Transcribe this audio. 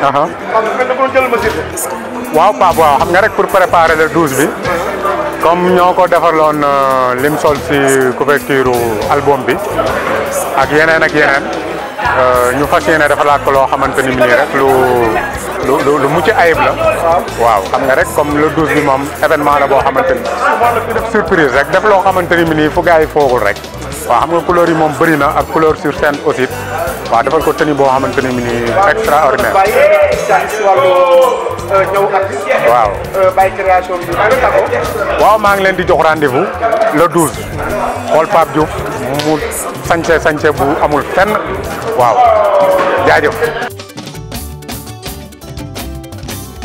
waaw Pape waaw xam nga rek pour préparer le douze bi comme ñoo ko defarloon euh, lim sol si couverture album bi ak yeneen ak yeneen euh, ñu fas yéene defaraat ko loo xamante ni nii rek lu lu lu mucc ayib la. waaw xam nga rek comme le douze bi moom événement la boo xamante ni surprise rek def loo xamante ni nii fu yi foogul rek. waaw xam nga couleur yi moom bëri na ak couleur sur scène aussi. waaw defal ko tenue boo xamante ne nii extraordinaire. waaw. waaw maa ngi leen di jox rendez-vous le 12 xool Pape Diouf mu sañse sañse bu amul fenn waaw jaajëf.